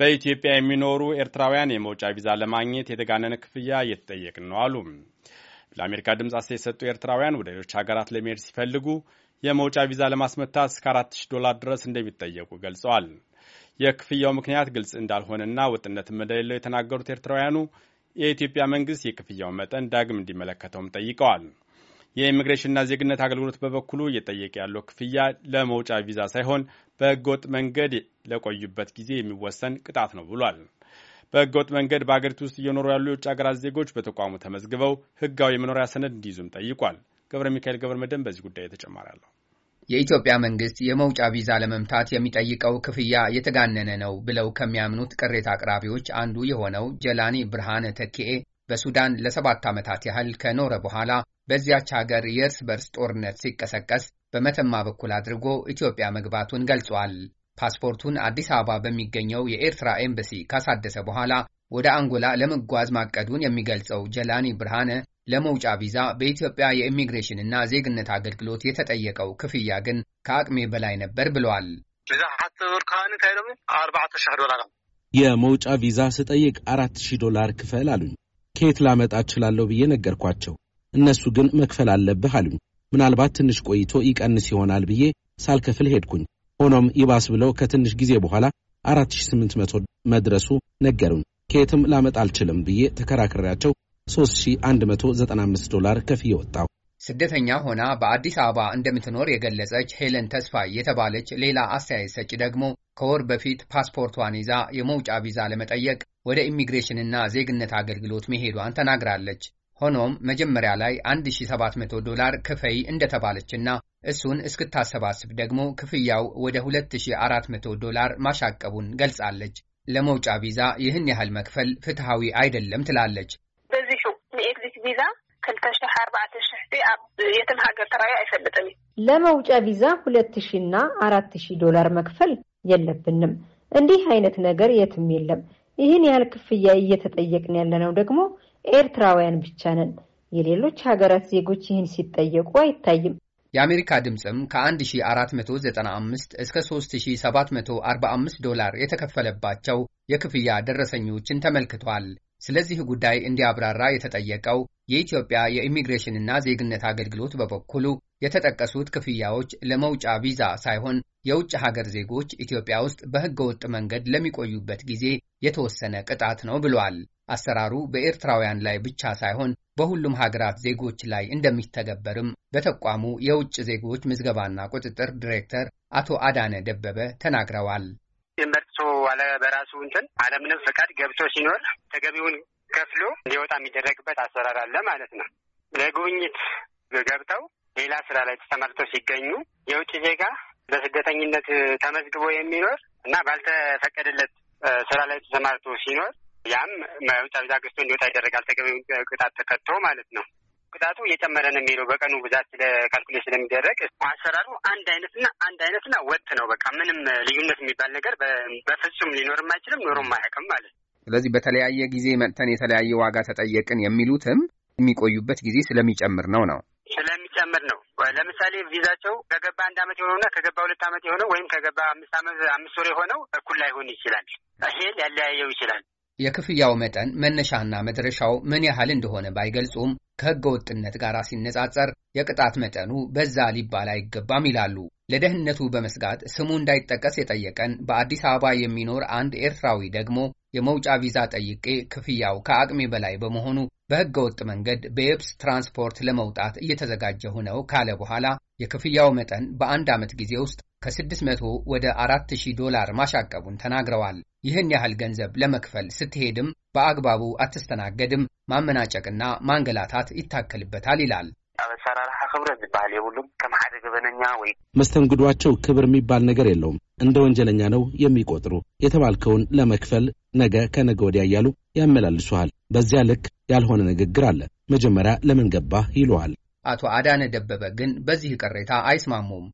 በኢትዮጵያ የሚኖሩ ኤርትራውያን የመውጫ ቪዛ ለማግኘት የተጋነነ ክፍያ እየተጠየቅን ነው አሉ። ለአሜሪካ ድምፅ አስተያየት የሰጡ ኤርትራውያን ወደ ሌሎች ሀገራት ለመሄድ ሲፈልጉ የመውጫ ቪዛ ለማስመታት እስከ 4000 ዶላር ድረስ እንደሚጠየቁ ገልጸዋል። የክፍያው ምክንያት ግልጽ እንዳልሆነና ወጥነትም እንደሌለው የተናገሩት ኤርትራውያኑ የኢትዮጵያ መንግስት የክፍያው መጠን ዳግም እንዲመለከተውም ጠይቀዋል። የኢሚግሬሽንና ዜግነት አገልግሎት በበኩሉ እየጠየቀ ያለው ክፍያ ለመውጫ ቪዛ ሳይሆን በህገወጥ መንገድ ለቆዩበት ጊዜ የሚወሰን ቅጣት ነው ብሏል። በህገወጥ መንገድ በአገሪቱ ውስጥ እየኖሩ ያሉ የውጭ ሀገራት ዜጎች በተቋሙ ተመዝግበው ህጋዊ የመኖሪያ ሰነድ እንዲይዙም ጠይቋል። ገብረ ሚካኤል ገብረ መድህን በዚህ ጉዳይ ተጨማሪ አለው። የኢትዮጵያ መንግስት የመውጫ ቪዛ ለመምታት የሚጠይቀው ክፍያ የተጋነነ ነው ብለው ከሚያምኑት ቅሬታ አቅራቢዎች አንዱ የሆነው ጀላኒ ብርሃነ ተኬኤ በሱዳን ለሰባት ዓመታት ያህል ከኖረ በኋላ በዚያች ሀገር የእርስ በርስ ጦርነት ሲቀሰቀስ በመተማ በኩል አድርጎ ኢትዮጵያ መግባቱን ገልጿል። ፓስፖርቱን አዲስ አበባ በሚገኘው የኤርትራ ኤምባሲ ካሳደሰ በኋላ ወደ አንጎላ ለመጓዝ ማቀዱን የሚገልጸው ጀላኒ ብርሃነ ለመውጫ ቪዛ በኢትዮጵያ የኢሚግሬሽንና ዜግነት አገልግሎት የተጠየቀው ክፍያ ግን ከአቅሜ በላይ ነበር ብለዋል። የመውጫ ቪዛ ስጠይቅ አራት ሺህ ዶላር ክፈል አሉኝ። ከየት ላመጣ እችላለሁ ብዬ ነገርኳቸው። እነሱ ግን መክፈል አለብህ አሉኝ። ምናልባት ትንሽ ቆይቶ ይቀንስ ይሆናል ብዬ ሳልከፍል ሄድኩኝ። ሆኖም ይባስ ብለው ከትንሽ ጊዜ በኋላ 4800 መድረሱ ነገሩኝ። ከየትም ላመጣ አልችልም ብዬ ተከራክሬያቸው 3195 ዶላር ከፍዬ ወጣሁ። ስደተኛ ሆና በአዲስ አበባ እንደምትኖር የገለጸች ሄለን ተስፋ የተባለች ሌላ አስተያየት ሰጪ ደግሞ ከወር በፊት ፓስፖርቷን ይዛ የመውጫ ቪዛ ለመጠየቅ ወደ ኢሚግሬሽንና ዜግነት አገልግሎት መሄዷን ተናግራለች። ሆኖም መጀመሪያ ላይ 1700 ዶላር ክፈይ እንደተባለችና እሱን እስክታሰባስብ ደግሞ ክፍያው ወደ 2400 ዶላር ማሻቀቡን ገልጻለች። ለመውጫ ቪዛ ይህን ያህል መክፈል ፍትሐዊ አይደለም ትላለች። ቪዛ ክልተ ለመውጫ ቪዛ ሁለት ሺ እና አራት ሺህ ዶላር መክፈል የለብንም። እንዲህ አይነት ነገር የትም የለም። ይህን ያህል ክፍያ እየተጠየቅን ያለነው ደግሞ ኤርትራውያን ብቻ ነን። የሌሎች ሀገራት ዜጎች ይህን ሲጠየቁ አይታይም። የአሜሪካ ድምፅም ከ1495 እስከ 3745 ዶላር የተከፈለባቸው የክፍያ ደረሰኞችን ተመልክቷል። ስለዚህ ጉዳይ እንዲያብራራ የተጠየቀው የኢትዮጵያ የኢሚግሬሽንና ዜግነት አገልግሎት በበኩሉ የተጠቀሱት ክፍያዎች ለመውጫ ቪዛ ሳይሆን የውጭ ሀገር ዜጎች ኢትዮጵያ ውስጥ ወጥ መንገድ ለሚቆዩበት ጊዜ የተወሰነ ቅጣት ነው ብሏል። አሰራሩ በኤርትራውያን ላይ ብቻ ሳይሆን በሁሉም ሀገራት ዜጎች ላይ እንደሚተገበርም በተቋሙ የውጭ ዜጎች ምዝገባና ቁጥጥር ዲሬክተር አቶ አዳነ ደበበ ተናግረዋል። እምበርቶ በራሱ እንትን አለምንም ፈቃድ ገብቶ ሲኖር ተገቢውን ከፍሎ እንዲወጣ የሚደረግበት አሰራር አለ ማለት ነው። ለጉብኝት ገብተው ሌላ ስራ ላይ ተሰማርተው ሲገኙ የውጭ ዜጋ በስደተኝነት ተመዝግቦ የሚኖር እና ባልተፈቀደለት ስራ ላይ ተሰማርቶ ሲኖር ያም መውጫ ብዛ ገዝቶ እንዲወጣ ይደረጋል። ተገቢ ቅጣት ተከቶ ማለት ነው። ቅጣቱ እየጨመረ ነው የሚለው በቀኑ ብዛት ስለካልኩሌት ስለሚደረግ አሰራሩ አንድ አይነትና አንድ አይነትና ወጥ ነው። በቃ ምንም ልዩነት የሚባል ነገር በፍጹም ሊኖርም አይችልም ኖሮም አያውቅም ማለት ነው። ስለዚህ በተለያየ ጊዜ መጥተን የተለያየ ዋጋ ተጠየቅን የሚሉትም የሚቆዩበት ጊዜ ስለሚጨምር ነው ነው ስለሚጨምር ነው። ለምሳሌ ቪዛቸው ከገባ አንድ አመት የሆነውና ከገባ ሁለት አመት የሆነው ወይም ከገባ አምስት አመት አምስት ወር የሆነው እኩል ላይሆን ይችላል። ይሄ ሊያለያየው ይችላል። የክፍያው መጠን መነሻና መድረሻው ምን ያህል እንደሆነ ባይገልጹም ከሕገ ወጥነት ጋር ሲነጻጸር የቅጣት መጠኑ በዛ ሊባል አይገባም ይላሉ። ለደህንነቱ በመስጋት ስሙ እንዳይጠቀስ የጠየቀን በአዲስ አበባ የሚኖር አንድ ኤርትራዊ ደግሞ የመውጫ ቪዛ ጠይቄ ክፍያው ከአቅሜ በላይ በመሆኑ በሕገ ወጥ መንገድ በየብስ ትራንስፖርት ለመውጣት እየተዘጋጀሁ ነው ካለ በኋላ የክፍያው መጠን በአንድ ዓመት ጊዜ ውስጥ ከ600 ወደ 4000 ዶላር ማሻቀቡን ተናግረዋል። ይህን ያህል ገንዘብ ለመክፈል ስትሄድም በአግባቡ አትስተናገድም፣ ማመናጨቅና ማንገላታት ይታከልበታል ይላል። ኣብ ክብረ ዝበሃል የብሉም ከም ሓደ ገበነኛ ወይ መስተንግዷቸው ክብር የሚባል ነገር የለውም። እንደ ወንጀለኛ ነው የሚቆጥሩ። የተባልከውን ለመክፈል ነገ ከነገ ወዲያ እያሉ ያመላልሱሃል። በዚያ ልክ ያልሆነ ንግግር አለ። መጀመሪያ ለምን ገባህ ይለዋል። አቶ አዳነ ደበበ ግን በዚህ ቅሬታ አይስማሙም።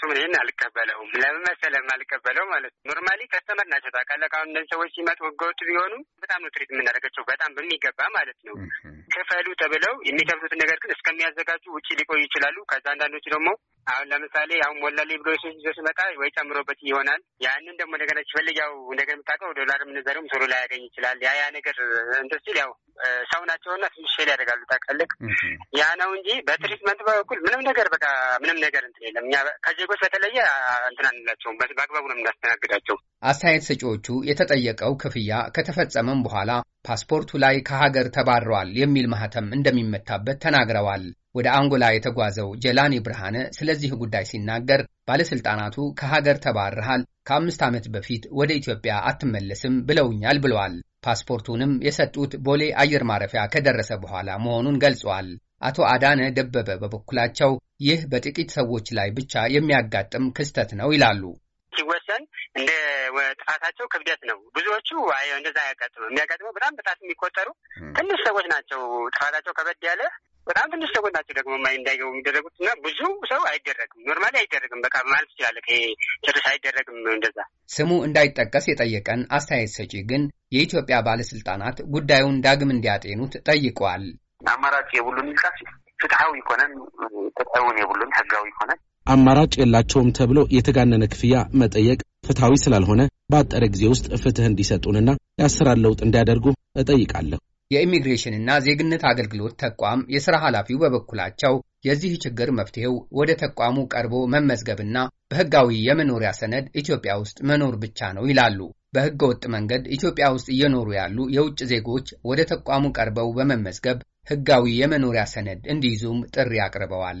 በፍጹም ይህን አልቀበለውም። ለምን መሰለህ የማልቀበለው ማለት ኖርማሊ ከስተመር ናቸው ታውቃለህ። አሁን እነዚህ ሰዎች ሲመጡ ህገወጥ ቢሆኑም በጣም ነው ትሪት የምናደርጋቸው በጣም በሚገባ ማለት ነው። ክፈሉ ተብለው የሚከፍሉትን ነገር ግን እስከሚያዘጋጁ ውጭ ሊቆዩ ይችላሉ። ከዛ አንዳንዶች ደግሞ አሁን ለምሳሌ አሁን ወላሌ ብሎ ይዞ ሲመጣ ወይ ጨምሮበት ይሆናል። ያንን ደግሞ እንደገና ሲፈልግ ያው እንደገና የምታውቀው ዶላር የምንዘረውም ቶሎ ያገኝ ይችላል። ያ ያ ነገር እንትን ሲል ያው ሰው ናቸውና ትንሽ ፌል ያደርጋሉ። ታቀልቅ ያ ነው እንጂ በትሪትመንት በኩል ምንም ነገር በቃ ምንም ነገር እንትን የለም። እኛ ከዜጎች በተለየ እንትን አንላቸውም። በአግባቡ ነው የምናስተናግዳቸው። አስተያየት ሰጪዎቹ የተጠየቀው ክፍያ ከተፈጸመም በኋላ ፓስፖርቱ ላይ ከሀገር ተባረዋል የሚል ማህተም እንደሚመታበት ተናግረዋል። ወደ አንጎላ የተጓዘው ጀላኒ ብርሃነ ስለዚህ ጉዳይ ሲናገር ባለሥልጣናቱ ከሀገር ተባረሃል፣ ከአምስት ዓመት በፊት ወደ ኢትዮጵያ አትመለስም ብለውኛል ብለዋል። ፓስፖርቱንም የሰጡት ቦሌ አየር ማረፊያ ከደረሰ በኋላ መሆኑን ገልጿል። አቶ አዳነ ደበበ በበኩላቸው ይህ በጥቂት ሰዎች ላይ ብቻ የሚያጋጥም ክስተት ነው ይላሉ። ሲወሰን እንደ ጣታቸው ክብደት ነው። ብዙዎቹ እንደዛ አያጋጥመው። የሚያጋጥመው በጣም በጣት የሚቆጠሩ ትንሽ ሰዎች ናቸው። ጥፋታቸው ከበድ ያለ በጣም ትንሽ ሰዎች ናቸው ደግሞ እንዳይገቡ የሚደረጉት እና ብዙ ሰው አይደረግም። ኖርማሊ አይደረግም። በቃ ማለት ይችላለ ጭርስ አይደረግም። እንደዛ ስሙ እንዳይጠቀስ የጠየቀን አስተያየት ሰጪ ግን የኢትዮጵያ ባለስልጣናት ጉዳዩን ዳግም እንዲያጤኑት ጠይቀዋል። አማራጭ የብሉን ይልቃሲ ፍትሐዊ ይኮነን ፍትሐውን የብሉን ህጋዊ ይኮነን አማራጭ የላቸውም ተብሎ የተጋነነ ክፍያ መጠየቅ ፍትሐዊ ስላልሆነ በአጠረ ጊዜ ውስጥ ፍትህ እንዲሰጡንና የአሰራር ለውጥ እንዲያደርጉ እጠይቃለሁ። የኢሚግሬሽንና ዜግነት አገልግሎት ተቋም የሥራ ኃላፊው በበኩላቸው የዚህ ችግር መፍትሄው ወደ ተቋሙ ቀርቦ መመዝገብና በሕጋዊ የመኖሪያ ሰነድ ኢትዮጵያ ውስጥ መኖር ብቻ ነው ይላሉ። በሕገ ወጥ መንገድ ኢትዮጵያ ውስጥ እየኖሩ ያሉ የውጭ ዜጎች ወደ ተቋሙ ቀርበው በመመዝገብ ሕጋዊ የመኖሪያ ሰነድ እንዲይዙም ጥሪ አቅርበዋል።